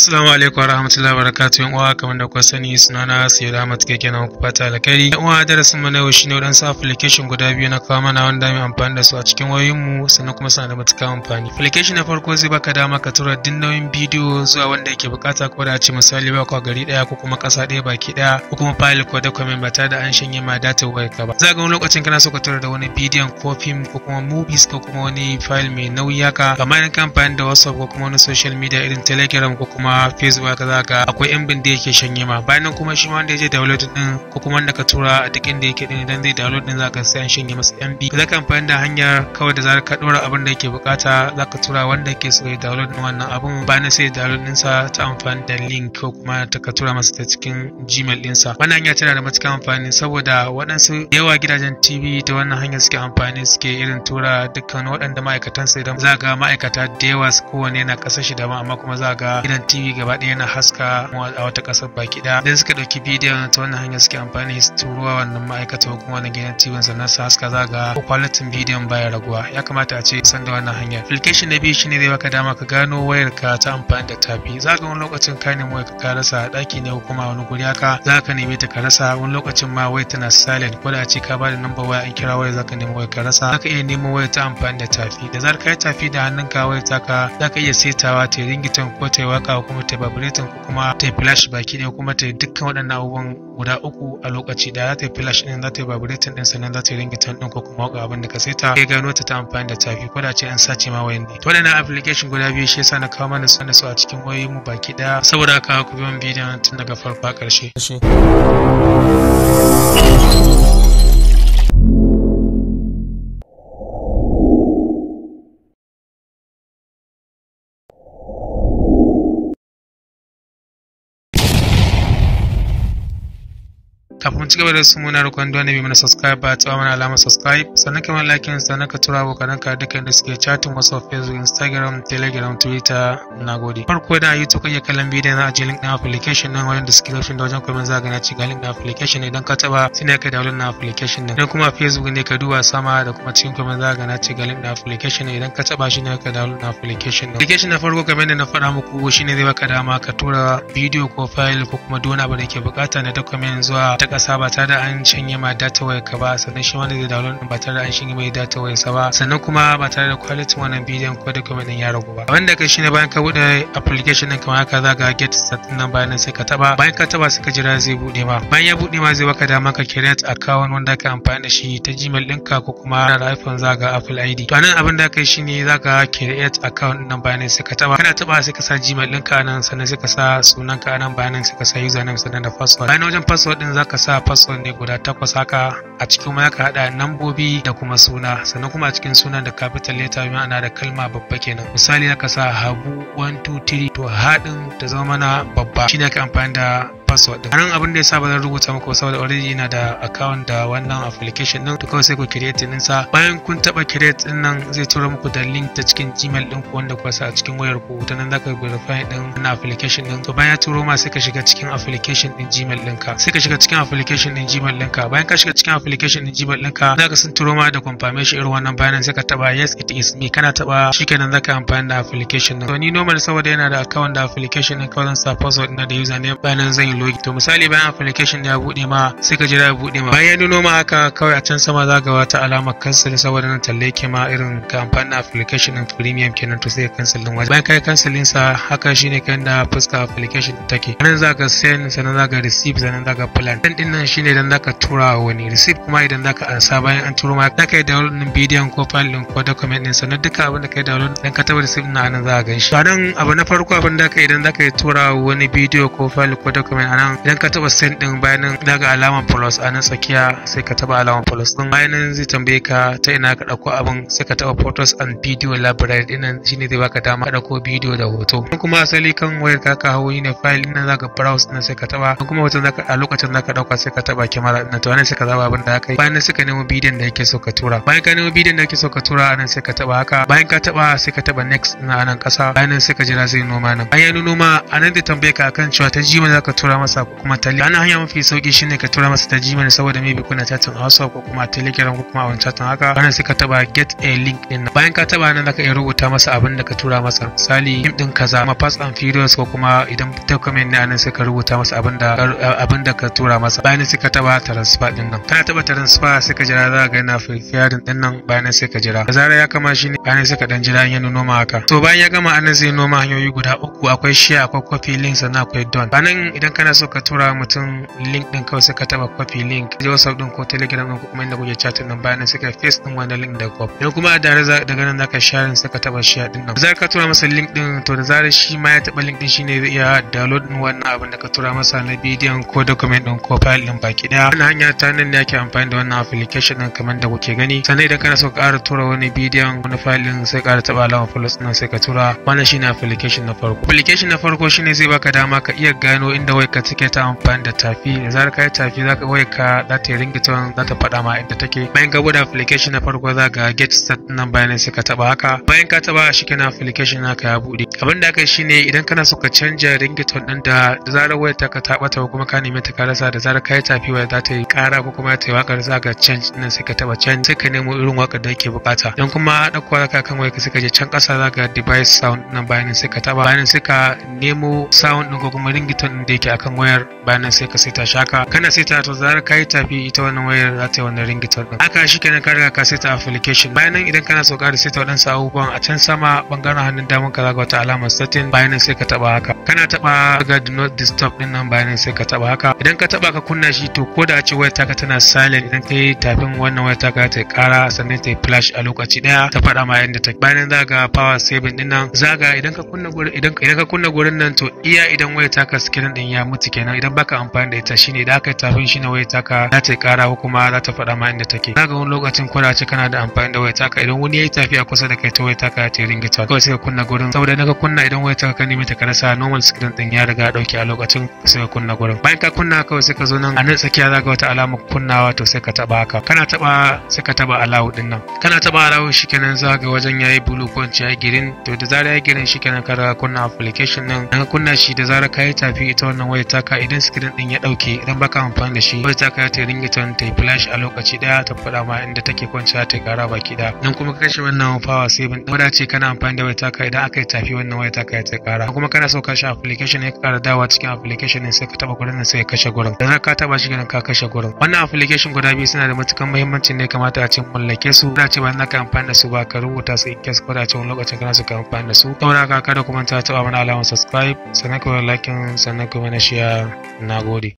Assalamu alaikum warahmatullahi wabarakatuh yan uwa kamar da kuka sani sunana Sayyid Ahmad keke na ku fata alkhairi yan uwa darasin mu na yau shine wadansu application guda biyu na kawo mana wanda mu amfani da su a cikin wayoyin mu sannan kuma suna da matuƙar amfani application na farko zai baka dama ka tura duk nauyin bidiyo zuwa wanda yake bukata ko da a ce misali ba ku gari daya ko kuma kasa daya baki daya ko kuma file ko document ba tare da an shanye ma data wayar ka ba zaka ga wani lokacin kana so ka tura da wani bidiyon ko film ko kuma movies ko kuma wani file mai nauyi haka kamar kan amfani da WhatsApp ko kuma wani social media irin Telegram ko kuma kuma facebook haka za akwai yan bin da yake shanye ma bayan nan kuma shi ma wanda ya je download din ko kuma wanda ka tura a duk inda yake din idan zai download din za ka sai an shanye masa mb za ka amfani da hanyar kawai da zaka dora abin da yake bukata za ka tura wanda yake so ya download din wannan abun bayan sai ya download sa ta amfani da link ko kuma ta ka tura masa ta cikin gmail sa wannan hanya tana da matukar amfani saboda waɗansu yawa gidajen tv da wannan hanya suke amfani suke irin tura dukkan waɗanda ma'aikatan su idan zaka ga ma'aikata da yawa kowane yana ƙasar da ma amma kuma zaka ga gidan tv gaba ɗaya na haska a wata ƙasar baki ɗaya idan suka ɗauki bidiyon ta wannan hanyar suke amfani su turuwa wannan ma'aikata ko kuma wannan gidan tv sannan su haska za ga kwalitin bidiyon baya raguwa ya kamata a ce san da wannan hanyar application na biyu shine zai baka dama ka gano wayar ka ta amfani da tafi za ka wani lokacin ka nemi wayar ka rasa ɗaki ne ko kuma wani guri haka za ka nemi ta ka rasa wani lokacin ma wayar tana silent ko da a ce ka bada number waya an kira wayar za ka nemi wayar ka rasa za ka iya nemo wayar ta amfani da tafi da zar ka yi tafi da hannunka wayar ta ka za ka iya setawa ta ringitan ko ta yi waka kuma ta vibrating ko kuma ta flash baki ɗaya kuma ta yi dukkan waɗannan abubuwan guda uku a lokaci ɗaya za ta yi flash ɗin za ta yi vibrating ɗin sannan za ta yi ringtone ɗin ko kuma waƙa abin da ka sai ta kai gano ta ta amfani da tafi ko da ce an sace ma wayan ne to waɗannan application guda biyu shi yasa na kawo mana su su a cikin wayoyin mu baki ɗaya saboda haka ku bi bidiyon tun daga farko a ƙarshe. kafin ci gaba da su muna rukun don ne mana subscribe ba tsawon mana alamar subscribe sannan kamar like sannan ka tura abokanan ka duka inda suke chatting wasu facebook instagram telegram twitter na gode farko da yi kan ya kallon bidiyon na ajiye link na application nan wajen da suke garfin da wajen kwamin zagana ci ga link na application idan ka taba sai ne ka download na application din kuma facebook ne ka duba sama da kuma cikin kwamin zagana ci ga link na application idan ka taba shi ne ka download na application din application na farko kamar da na faɗa muku shine zai baka dama ka tura bidiyo ko file ko kuma duk abu da yake bukata na document zuwa Kasa ba tare da an shanye ma data wayar ka ba sannan shi wanda zai download din ba tare da an shanye mai data wayar sa ba sannan kuma ba tare da quality wannan bidiyon ko kuma din ya ragu ba abin da kai shine bayan ka bude application din kamar haka za ka get set din nan bayan sai ka taba bayan ka taba sai ka jira zai bude ma bayan ya bude ma zai baka dama ka create account wanda ka amfani da shi ta Gmail ɗinka ko kuma da iPhone za ka Apple ID to anan abin da kai shine za ka create account nan bayan sai ka taba kana taba sai ka sa Gmail ɗinka nan sannan sai ka sa ka nan bayan sai ka sa username sannan da password bayan wajen password din za ka sa password ne guda takwas haka a cikin ma ka haɗa nambobi da kuma suna sannan kuma a cikin sunan da capital letter mai ana da kalma babba kenan misali ka sa habu 3 to haɗin ta zama mana babba shine ka amfani da password din Anan abin da yasa ba zan rubuta muku saboda already ina da account da wannan application din to kawai sai ku create din sa bayan kun taba create din nan zai tura muku da link ta cikin Gmail din ku wanda ku sa a cikin wayar ku ta nan za ka verify din wannan application din to bayan ya turo ma sai ka shiga cikin application din Gmail ka. sai ka shiga cikin application din Gmail ka. bayan ka shiga cikin application din Gmail za ka sun turo ma da confirmation irin wannan bayanan sai ka taba yes it is me kana taba shikenan zaka amfani da application din to ni normal saboda yana da account da application din kawai zan sa password na da username bayanan zan yi logi to misali bayan application ya bude ma sai ka jira ya bude ma bayan nuno ma haka kawai a can sama za ga wata alamar cancel saboda nan talle ke ma irin ka amfani application din premium kenan to sai ka cancel din wajen bayan kai cancel din sa haka shine kan da fuska application take nan za ka send sannan za ka receive sannan za ka plan dan din nan shine idan za ka tura wani receive kuma idan za ka ansa bayan an turo ma za ka download din bidiyon ko file din ko document din sannan duka abin da ka yi download dan ka tabbata receive na nan za ka ganshi. shi abu na farko abin da ka idan za ka tura wani bidiyo ko file ko document a nan idan ka taba send din bayanin daga alamar plus a nan tsakiya sai ka taba alamar plus din bayanin zai tambaye ka ta ina ka dauko abin sai ka taba photos and video library din nan shine zai baka dama ka dauko video da hoto kuma asali kan wayar ka ka hawo ne file din nan zaka browse din sai ka taba kuma wajen zaka a lokacin zaka dauka sai ka taba camera din to nan sai ka zaba abin da kai yi bayan sai ka nemo bidiyon da yake so ka tura bayan ka nemo bidiyon da yake so ka tura anan sai ka taba haka bayan ka taba sai ka taba next na anan kasa bayan sai ka jira sai noma nan bayan ya noma anan zai tambaye ka akan cewa ta mana zaka tura masa ko kuma ta ana hanya mafi sauki shine ka tura masa ta Gmail saboda maybe kuna chatting a WhatsApp ko kuma Telegram ko kuma a wani chatting haka wannan sai ka taba get a link din bayan ka taba nan zaka iya rubuta masa abin da ka tura masa misali game din kaza ma Fast and Furious ko kuma idan ta comment ne anan sai ka rubuta masa abin da abin da ka tura masa bayan sai ka taba transfer din nan kana taba transfer sai ka jira za ka ga yana fulfilling din nan bayan sai ka jira da zarar ya kama shi ne bayan sai ka dan jira yana noma haka to bayan ya gama anan zai noma hanyoyi guda uku akwai share akwai coffee link sannan akwai done bayan idan kana kana so ka tura mutum link din kawai sai ka taba copy link da wasu din ko telegram din ko kuma inda kuke chat din bayan sai ka paste din wannan link da copy yau kuma a dare daga nan zaka share sai ka taba share din nan za ka tura masa link din to da zarar shi ma ya taba link din shine zai iya download din wannan abin da ka tura masa na bidiyon ko document din ko file din baki daya wannan hanya ta nan ne ake amfani da wannan application din kamar da kuke gani sannan idan kana so ka ƙara tura wani bidiyon wani file din sai ƙara taba alamar plus din sai ka tura wannan shine application na farko application na farko shine zai baka dama ka iya gano inda wai ka cike ta amfani da tafi da zarar ka yi tafi za ka waya ka za ta yi ringtone za ta faɗa ma inda take bayan ka bude application na farko za ga get start nan bayan sai ka taɓa haka bayan ka taɓa shi kenan application ka ya buɗe abin da aka yi shine idan kana so ka canja ringtone ɗin da zarar wayar ta ka ta kuma ka nemi ta ka rasa da zarar ka yi tafi wayar za ta yi kara ko kuma ta yi wakar za ga change nan sai ka taɓa change sai ka nemo irin wakar da ake buƙata don kuma za ka kan wayar ka sai ka je can ƙasa za ga device sound nan bayan sai ka taɓa bayan sai ka nemo sound ɗin ko kuma ringtone din da yake akan wayar bayanan sai ka saita shaka kana saita to zarar ka yi tafi ita wannan wayar za ta yi wannan ringitar din haka shi kenan ka riga ka saita application bayan nan idan kana so ka saita waɗansu abubuwan a can sama bangaren hannun damun ka zaga wata alamar setting bayan nan sai ka taba haka kana taba ga do not disturb din nan bayan nan sai ka taba haka idan ka taba ka kunna shi to ko da a ce wayar taka tana silent idan ka yi tafin wannan wayar taka ta kara sannan ta yi flash a lokaci daya ta faɗa ma yadda ta bayan nan za ga power saving din nan ga idan ka kunna gurin idan ka kunna gurin nan to iya idan wayar taka screen din ya mutu kenan idan baka amfani da ita shine da aka tafin shi na waya taka za ta kara ko kuma za ta faɗa ma inda take kaga wani lokacin ko da ce kana da amfani da waya taka idan wani yayi tafiya kusa da kai ta waya taka ta ringa ta kawai sai ka kunna gurin saboda naka kunna idan waya taka ka nemi ta karasa normal screen din ya riga dauke a lokacin sai ka kunna gurin bayan ka kunna kawai sai ka zo nan a nan tsakiya za ka wata alama kunnawa to sai ka taba haka kana taba sai ka taba alawu din nan kana taba alawu shikenan za ga wajen yayi blue ko ya yayi green to da zarar yayi green shikenan ka kunna application din ka kunna shi da zarar kai yi tafi ita wannan waya taka idan screen din ya dauke idan baka amfani da shi waya taka ta ringa ton ta flash a lokaci daya ta fada ma inda take kwanciya ta kara baki da nan kuma ka kashe wannan power saving din wadace kana amfani da waya taka idan aka tafi wannan waya taka ta kara kuma kana so kashe application ya kara dawa cikin application din sai ka taba gurin sai ka kashe gurin dan ka taba shi ganin ka kashe gurin wannan application guda biyu suna da matukan muhimmanci ne kamata a ce mallake su da ce ba na ka amfani da su ba ka rubuta su in case ko da ce wani lokacin kana so ka amfani da su saboda ka kada kuma ta taba mana alamar subscribe sannan ka like sannan ka mana zuciya na gode